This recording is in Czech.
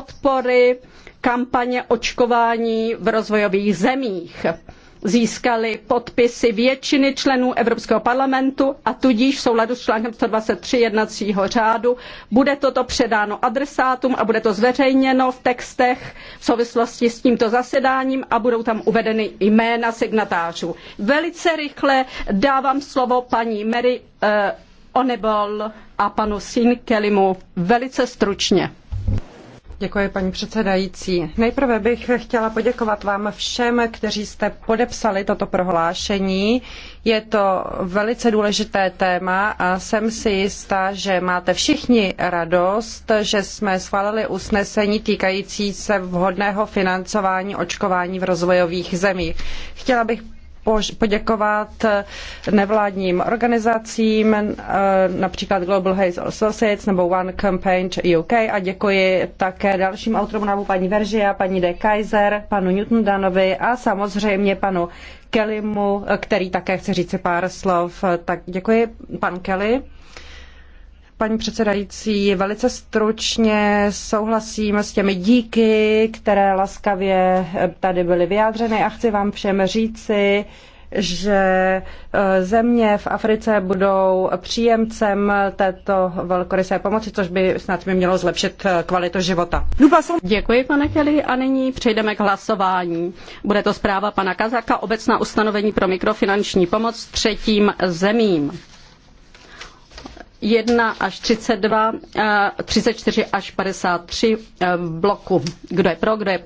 podpory kampaně očkování v rozvojových zemích. Získali podpisy většiny členů Evropského parlamentu a tudíž v souladu s článkem 123 jednacího řádu bude toto předáno adresátům a bude to zveřejněno v textech v souvislosti s tímto zasedáním a budou tam uvedeny jména signatářů. Velice rychle dávám slovo paní Mary uh, eh, Onebol a panu Sinkelimu velice stručně. Děkuji, paní předsedající. Nejprve bych chtěla poděkovat vám všem, kteří jste podepsali toto prohlášení. Je to velice důležité téma a jsem si jistá, že máte všichni radost, že jsme schválili usnesení týkající se vhodného financování očkování v rozvojových zemích. Chtěla bych poděkovat nevládním organizacím, eh, například Global Health Associates nebo One Campaign UK a děkuji také dalším autorům návrhu paní Veržia, paní De Kaiser, panu Newton-Danovi a samozřejmě panu Kellymu, eh, který také chce říct pár slov. Tak děkuji, pan Kelly paní předsedající. Velice stručně souhlasím s těmi díky, které laskavě tady byly vyjádřeny a chci vám všem říci, že e, země v Africe budou příjemcem této velkorysé pomoci, což by snad mi mělo zlepšit e, kvalitu života. Děkuji, pane Kelly, a nyní přejdeme k hlasování. Bude to zpráva pana Kazaka, obecná ustanovení pro mikrofinanční pomoc třetím zemím. 1 až 32, 34 eh, až 53 eh, bloku. Kdo je pro, kdo je proti?